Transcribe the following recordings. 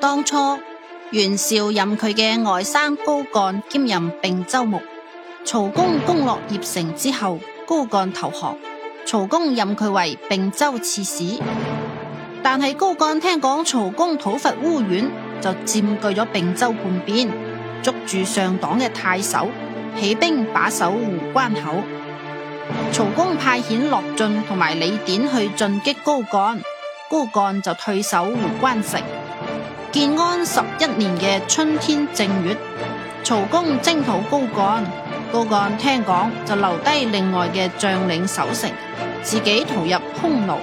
當初袁紹任佢嘅外甥高干兼任并州牧。曹公攻落鄴城之後，高幹投降，曹公任佢為并州刺史。但係高幹聽講曹公討伐烏丸，就佔據咗并州半邊，捉住上黨嘅太守，起兵把守壺關口。曹公派遣樂進同埋李典去進擊高幹，高幹就退守壺關城。建安十一年嘅春天正月，曹公征討高幹，高幹聽講就留低另外嘅將領守城，自己逃入匈奴，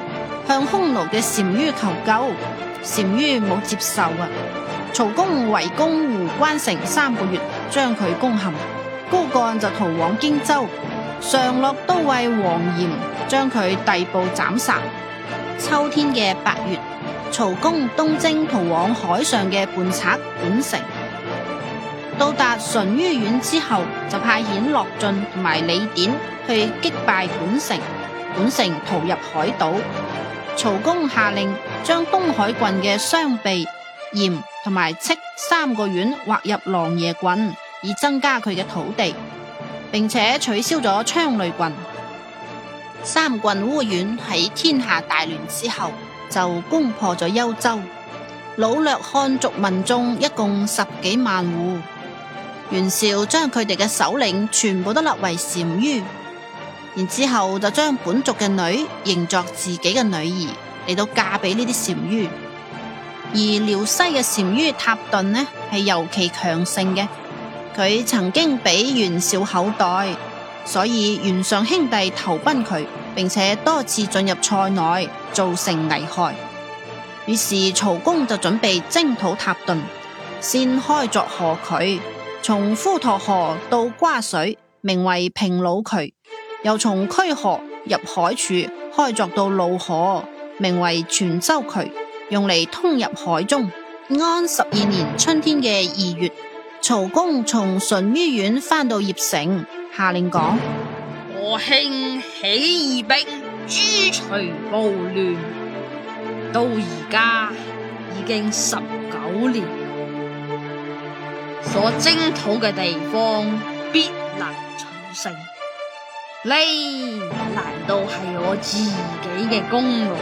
向匈奴嘅單于求救，單于冇接受啊。曹公圍攻壺關城三個月，將佢攻陷，高干就逃往荊州，上洛都尉黃延將佢逮捕斬殺。秋天嘅八月。曹公東征，逃往海上嘅叛賊管城，到達淳于縣之後，就派遣樂進同埋李典去擊敗管城，管城逃入海島。曹公下令將東海郡嘅襄、臂鹽同埋戚三個縣劃入琅邪郡，以增加佢嘅土地，並且取消咗昌慮郡。三郡烏縣喺天下大亂之後。就攻破咗幽州，擄掠漢族民眾一共十幾萬戶，袁紹將佢哋嘅首領全部都立為單于，然之後就將本族嘅女認作自己嘅女兒嚟到嫁俾呢啲單于，而遼西嘅單于蹋頓呢，係尤其強盛嘅，佢曾經俾袁紹口袋。所以袁尚兄弟投奔佢，並且多次進入塞內造成危害。於是曹公就準備征討蹋頓，先開鑿河渠，從滹沱河到瓜水，名為平虜渠；又從胥河入海處開鑿到路河，名為泉州渠，用嚟通入海中。安十二年春天嘅二月，曹公從淳于縣翻到鄴城。下令講：我興起義兵，誅除暴亂，到而家已經十九年，所征討嘅地方必能取勝。呢難道係我自己嘅功勞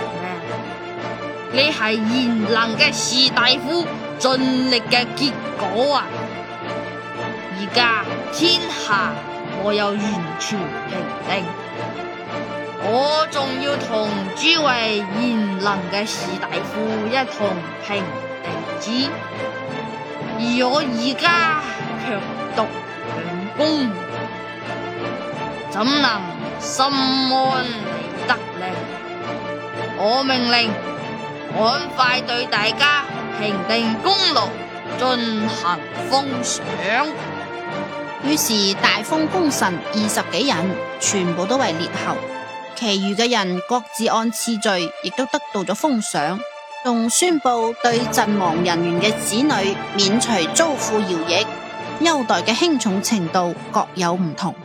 咩？呢係賢能嘅士大夫盡力嘅結果啊！而家天下。我有完全平定，我仲要同諸位賢能嘅士大夫一同平定之，而我而家卻獨領功，怎能心安理得呢？我命令，趕快對大家平定功勞進行封賞。於是大封功臣二十幾人，全部都為列侯；其餘嘅人各自按次序，亦都得到咗封賞，仲宣布對陣亡人員嘅子女免除租賦徭役，優待嘅輕重程度各有唔同。